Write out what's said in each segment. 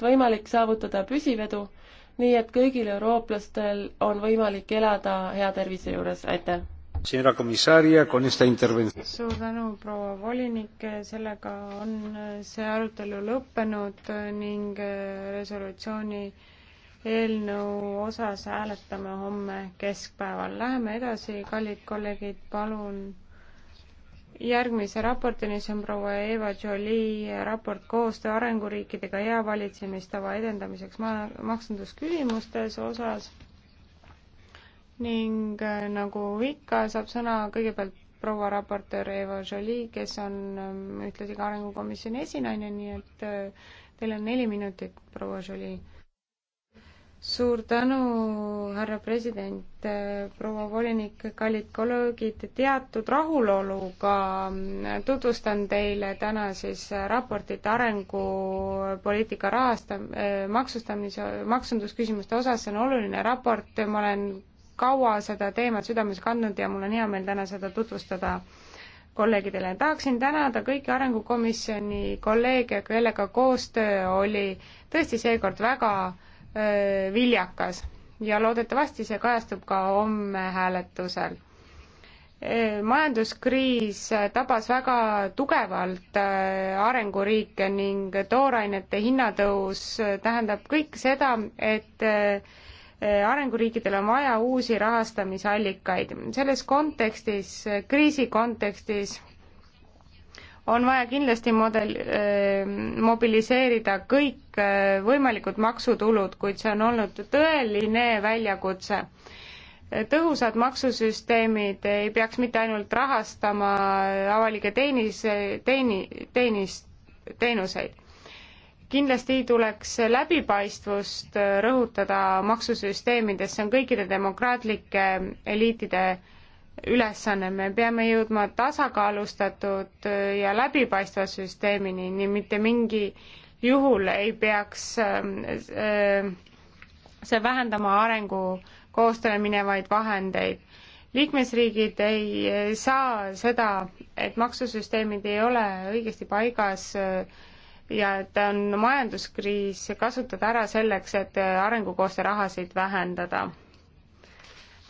võimalik saavutada püsivedu, nii et kõigil eurooplastel on võimalik elada hea tervise juures, aitäh! suur tänu, proua volinik, sellega on see arutelu lõppenud ning resolutsiooni eelnõu osas hääletame homme keskpäeval. Läheme edasi, kallid kolleegid, palun järgmise raportini, see on proua Eva Jolie raport koostöö arenguriikidega hea valitsemistava edendamiseks ma-, maksundusküsimustes osas ning äh, nagu ikka, saab sõna kõigepealt proua raportöör Eva Jolie, kes on ähm, ühtlasi ka Arengukomisjoni esinaine, nii et äh, teil on neli minutit, proua Jolie suur tänu, härra president, proua volinik, kallid kolleegid, teatud rahuloluga tutvustan teile täna siis raportit arengupoliitika rahasta-, maksustamise, maksundusküsimuste osas, see on oluline raport, ma olen kaua seda teemat südames kandnud ja mul on hea meel täna seda tutvustada kolleegidele. tahaksin tänada kõiki Arengukomisjoni kolleege, kellega koostöö oli tõesti seekord väga viljakas ja loodetavasti see kajastub ka homme hääletusel. majanduskriis äh, tabas väga tugevalt äh, arenguriike ning toorainete hinnatõus äh, tähendab kõik seda, et arenguriikidel on vaja uusi rahastamisallikaid. selles kontekstis, kriisi kontekstis on vaja kindlasti model-, äh, mobiliseerida kõik äh, võimalikud maksutulud, kuid see on olnud tõeline väljakutse. tõhusad maksusüsteemid ei peaks mitte ainult rahastama avalikke teenis, teeni-, teenis, teenuseid. kindlasti tuleks läbipaistvust rõhutada maksusüsteemides, see on kõikide demokraatlike eliitide ülesanne, me peame jõudma tasakaalustatud ja läbipaistva süsteemini, nii mitte mingi juhul ei peaks ähm, äh, see vähendama arengukoostööle minevaid vahendeid. liikmesriigid ei äh, saa seda, et maksusüsteemid ei ole õigesti paigas äh, ja et on majanduskriis, kasutada ära selleks, et arengukoostöö rahasid vähendada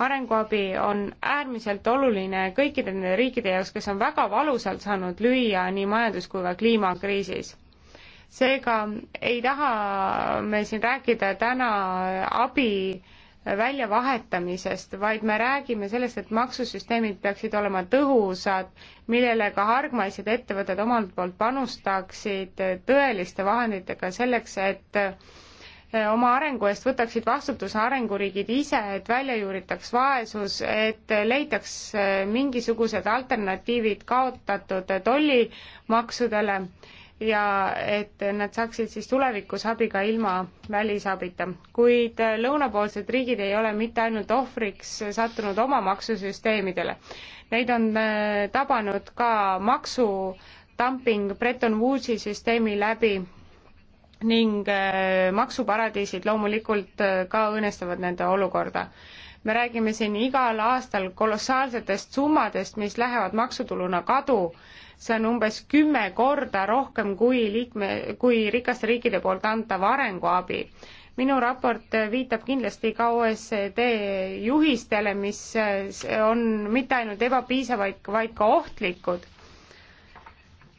arenguabi on äärmiselt oluline kõikide nende riikide jaoks, kes on väga valusalt saanud lüüa nii majandus- kui ka kliimakriisis. seega ei taha me siin rääkida täna abi väljavahetamisest, vaid me räägime sellest, et maksusüsteemid peaksid olema tõhusad, millele ka hargmaised ettevõtted omalt poolt panustaksid tõeliste vahenditega selleks, et oma arengu eest võtaksid vastutuse arenguriigid ise, et välja juuritaks vaesus, et leitaks äh, mingisugused alternatiivid kaotatud tollimaksudele ja et nad saaksid siis tulevikus abi ka ilma välisabita. kuid äh, lõunapoolsed riigid ei ole mitte ainult ohvriks sattunud oma maksusüsteemidele, neid on äh, tabanud ka maksudumping Bretton Woodsi süsteemi läbi ning äh, maksuparadiisid loomulikult äh, ka õõnestavad nende olukorda. me räägime siin igal aastal kolossaalsetest summadest, mis lähevad maksutuluna kadu, see on umbes kümme korda rohkem kui liikme, kui rikaste riikide poolt antav arenguabi. minu raport äh, viitab kindlasti ka OECD juhistele, mis on mitte ainult ebapiisavaid, vaid ka ohtlikud.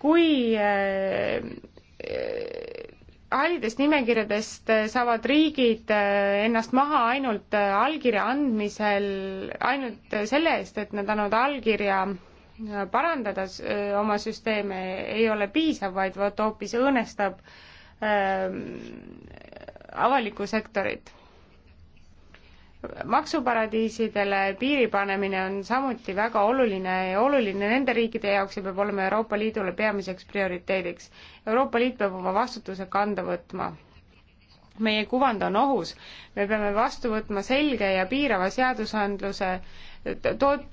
kui äh, hallidest nimekirjadest eh, saavad riigid eh, ennast maha ainult eh, allkirja andmisel, ainult selle eest, et nad annavad allkirja parandada oma süsteeme, ei ole piisav, vaid vot hoopis õõnestab avalikku sektorit maksuparadiisidele piiri panemine on samuti väga oluline ja oluline nende riikide jaoks ja peab olema Euroopa Liidule peamiseks prioriteediks. Euroopa Liit peab oma vastutuse kanda võtma. meie kuvand on ohus, me peame vastu võtma selge ja piirava seadusandluse,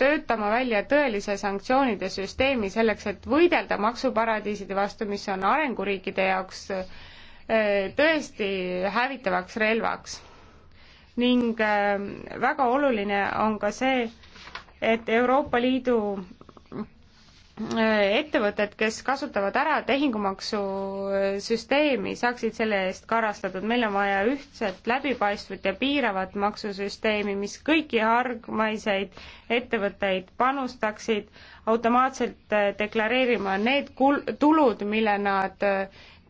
töötama välja tõelise sanktsioonide süsteemi selleks, et võidelda maksuparadiiside vastu, mis on arenguriikide jaoks äh, tõesti hävitavaks relvaks ning äh, väga oluline on ka see, et Euroopa Liidu äh, ettevõtted, kes kasutavad ära tehingumaksusüsteemi, äh, saaksid selle eest karastatud. meil on vaja ühtset, läbipaistvat ja piiravat maksusüsteemi, mis kõiki hargmaiseid ettevõtteid panustaksid automaatselt deklareerima need kul-, tulud, mille nad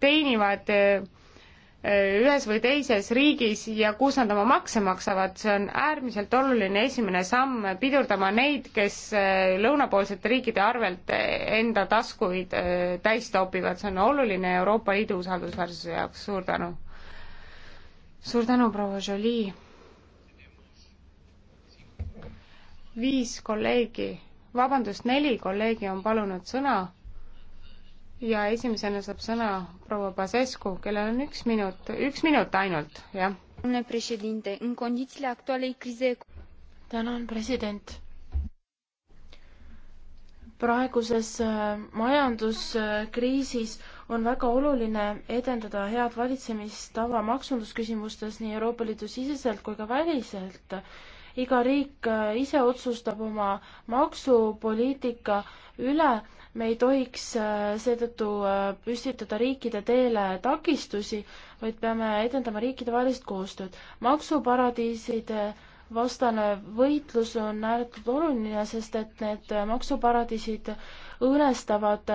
teenivad ühes või teises riigis ja kus nad oma makse maksavad, see on äärmiselt oluline esimene samm pidurdama neid, kes äh, lõunapoolsete riikide arvelt äh, enda taskuid äh, täis topivad, see on oluline Euroopa Liidu usaldusväärsuse jaoks, suur tänu. suur tänu, proua Jolie. viis kolleegi, vabandust, neli kolleegi on palunud sõna ja esimesena saab sõna proua Pasescu, kellel on üks minut, üks minut ainult, jah. tänan, president praeguses äh, majanduskriisis on väga oluline edendada head valitsemistava maksundusküsimustes nii Euroopa Liidu siseselt kui ka väliselt. iga riik äh, ise otsustab oma maksupoliitika üle me ei tohiks äh, seetõttu äh, püstitada riikide teele takistusi, vaid peame edendama riikidevahelist koostööd. maksuparadiiside vastane võitlus on ääretult oluline, sest et need äh, maksuparadiisid õõnestavad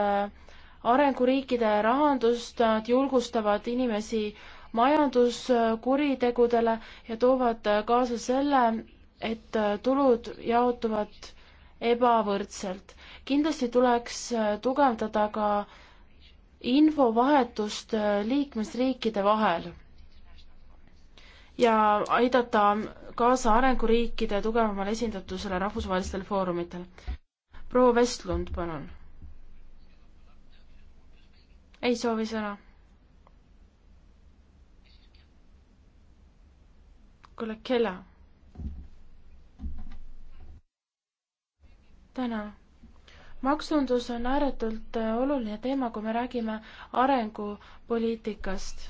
arenguriikide rahandust, nad julgustavad inimesi majanduskuritegudele ja toovad kaasa selle, et tulud jaotuvad ebavõrdselt. kindlasti tuleks äh, tugevdada ka infovahetust äh, liikmesriikide vahel ja aidata kaasa arenguriikide tugevamale esindatusele rahvusvahelistel foorumitel. proua Vestlund, palun. ei soovi sõna? kolleeg Kella täna. maksundus on ääretult äh, oluline teema, kui me räägime arengupoliitikast.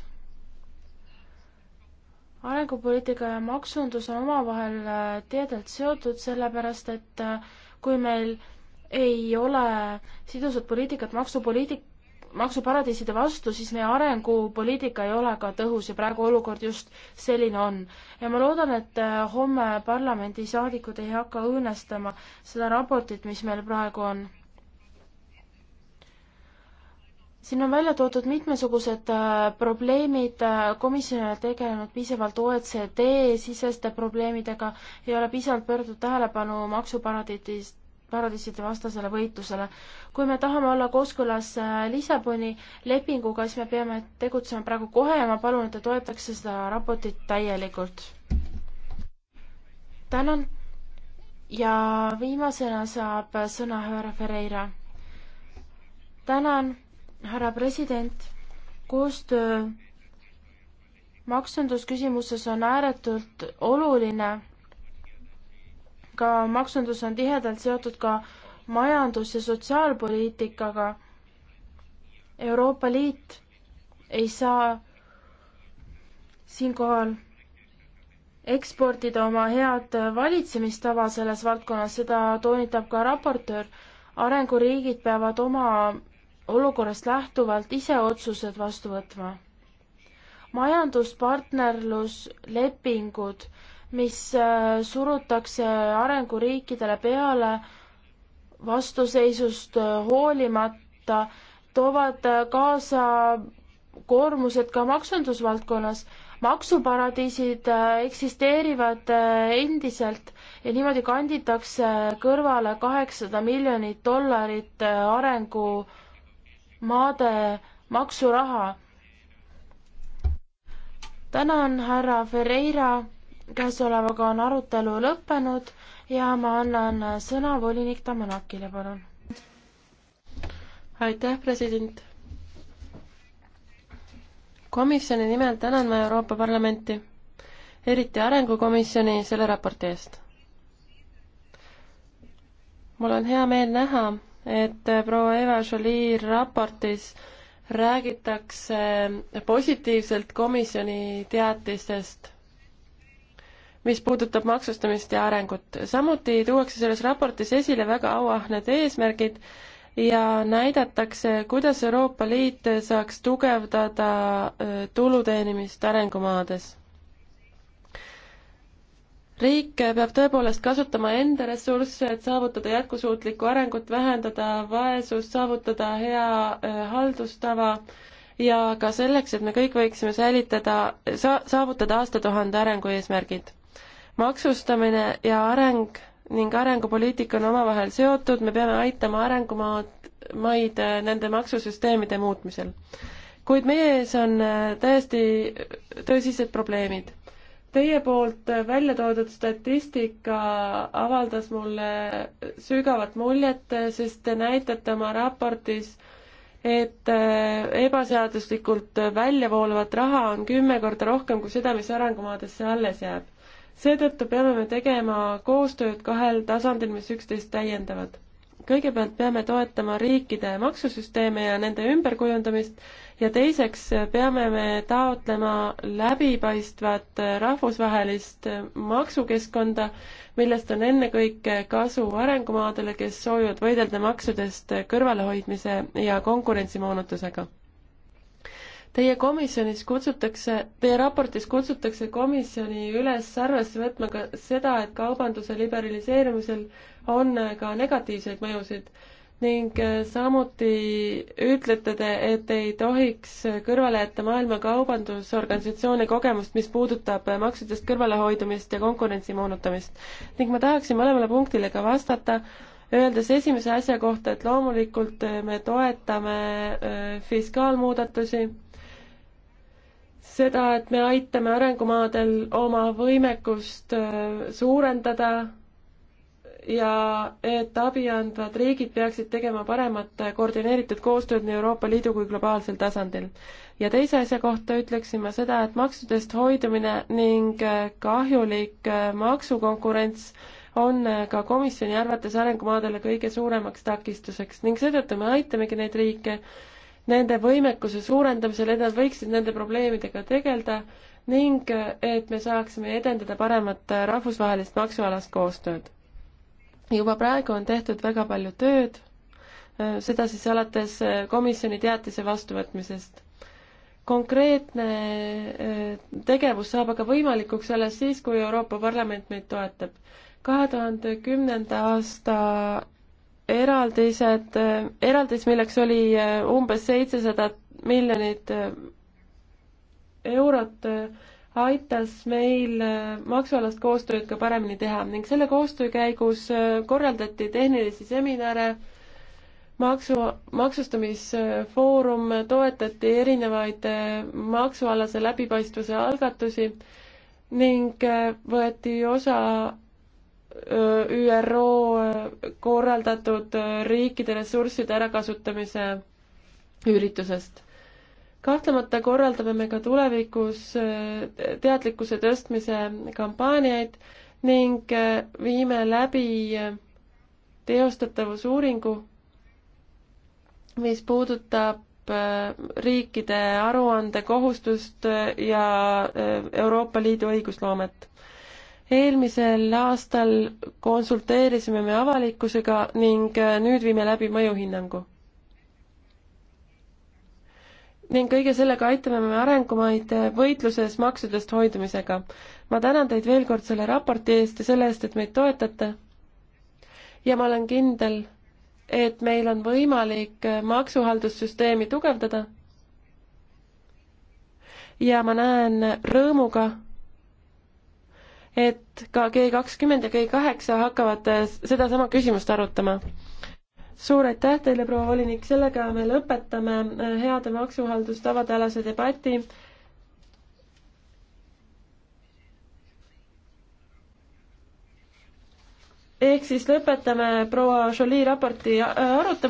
arengupoliitika ja maksundus on omavahel äh, tihedalt seotud, sellepärast et äh, kui meil ei ole sidusat poliitikat maksupoliitik-, maksuparadiiside vastu, siis meie arengupoliitika ei ole ka tõhus ja praegu olukord just selline on. ja ma loodan, et äh, homme parlamendisaadikud ei hakka õõnestama seda raportit, mis meil praegu on. siin on välja toodud mitmesugused äh, probleemid, äh, komisjon ei ole tegelenud piisavalt OECD siseste probleemidega, ei ole piisavalt pööratud tähelepanu maksuparadiisist paradiiside vastasele võitlusele. kui me tahame olla kooskõlas äh, Lissaboni lepinguga, siis me peame tegutsema praegu kohe ja ma palun, et te toetaks seda raportit täielikult. tänan ja viimasena saab sõna härra Ferreira. tänan, härra president, koostöö maksundusküsimuses on ääretult oluline ka maksundus on tihedalt seotud ka majandus- ja sotsiaalpoliitikaga. Euroopa Liit ei saa siinkohal eksportida oma head valitsemistava selles valdkonnas, seda toonitab ka raportöör. arenguriigid peavad oma olukorrast lähtuvalt ise otsused vastu võtma. majanduspartnerluslepingud mis äh, surutakse arenguriikidele peale vastuseisust äh, hoolimata, toovad äh, kaasa koormused ka maksundusvaldkonnas. maksuparadiisid eksisteerivad endiselt ja niimoodi kanditakse kõrvale kaheksasada miljonit dollarit arengumaade maksuraha. tänan, härra Ferreira käesolevaga on arutelu lõppenud ja ma annan sõna volinik Tamanakile, palun. aitäh, president. komisjoni nimel tänan ma Euroopa Parlamenti, eriti Arengukomisjoni selle raporti eest. mul on hea meel näha, et proua Eva Jolie raportis räägitakse positiivselt komisjoni teatistest mis puudutab maksustamist ja arengut. samuti tuuakse selles raportis esile väga auahned eesmärgid ja näidatakse, kuidas Euroopa Liit saaks tugevdada äh, tulu teenimist arengumaades. riik peab tõepoolest kasutama enda ressursse, et saavutada jätkusuutlikku arengut, vähendada vaesust, saavutada hea äh, haldustava ja ka selleks, et me kõik võiksime säilitada, sa-, saavutada aastatuhande arengueesmärgid maksustamine ja areng ning arengupoliitika on omavahel seotud, me peame aitama arengumaad, maid äh, nende maksusüsteemide muutmisel. kuid meie ees on äh, täiesti tõsised probleemid. Teie poolt äh, välja toodud statistika avaldas mulle sügavat muljet, sest te näitate oma raportis, et ebaseaduslikult välja vooluvat raha on kümme korda rohkem kui seda, mis arengumaadesse alles jääb seetõttu peame me tegema koostööd kahel tasandil, mis üksteist täiendavad. kõigepealt peame toetama riikide maksusüsteeme ja nende ümberkujundamist ja teiseks peame me taotlema läbipaistvat rahvusvahelist maksukeskkonda, millest on ennekõike kasu arengumaadele, kes soovivad võidelda maksudest kõrvalehoidmise ja konkurentsimoonutusega Teie komisjonis kutsutakse, teie raportis kutsutakse komisjoni üles arvesse võtma ka seda, et kaubanduse liberaliseerimisel on ka negatiivseid mõjusid ning äh, samuti ütlete te, et ei tohiks kõrvale jätta Maailma Kaubandusorganisatsiooni kogemust, mis puudutab äh, maksudest kõrvalehoidumist ja konkurentsi moonutamist. ning ma tahaksin mõlemale punktile ka vastata, öeldes esimese asja kohta, et loomulikult äh, me toetame fiskaalmuudatusi seda, et me aitame arengumaadel oma võimekust äh, suurendada ja et abi andvad riigid peaksid tegema paremat äh, koordineeritud koostööd nii Euroopa Liidu kui globaalsel tasandil. ja teise asja kohta ütleksin ma seda, et maksudest hoidumine ning äh, kahjulik maksukonkurents on ka komisjoni arvates arengumaadele kõige suuremaks takistuseks ning seetõttu me aitamegi neid riike nende võimekuse suurendamisel, et nad võiksid nende probleemidega tegeleda ning et me saaksime edendada paremat rahvusvahelist maksualast koostööd. juba praegu on tehtud väga palju tööd, seda siis alates komisjoni teatise vastuvõtmisest. konkreetne eh, tegevus saab aga võimalikuks alles siis, kui Euroopa Parlament meid toetab. kahe tuhande kümnenda aasta eraldised, eraldis, milleks oli äh, umbes seitsesada miljonit äh, eurot, äh, aitas meil maksualast koostööd ka paremini teha ning selle koostöö käigus korraldati tehnilisi seminare, maksu, maksustamisfoorum, toetati erinevaid maksualase läbipaistvuse algatusi ning võeti osa ÜRO korraldatud riikide ressursside ärakasutamise üritusest. kahtlemata korraldame me ka tulevikus teadlikkuse tõstmise kampaaniaid ning viime läbi teostatavusuuringu, mis puudutab riikide aruandekohustust ja Euroopa Liidu õigusloomet eelmisel aastal konsulteerisime me avalikkusega ning äh, nüüd viime läbi mõjuhinnangu. ning kõige sellega aitame me arengumaid äh, võitluses maksudest hoidumisega. ma tänan teid veel kord selle raporti eest ja selle eest, et meid toetate. ja ma olen kindel, et meil on võimalik äh, maksuhaldussüsteemi tugevdada. ja ma näen rõõmuga et ka G kakskümmend ja G kaheksa hakkavad eh, sedasama küsimust arutama. suur aitäh teile, proua volinik, sellega me lõpetame eh, heade maksuhaldustavade alase debati. ehk siis lõpetame proua Jolie raporti eh, arutamise.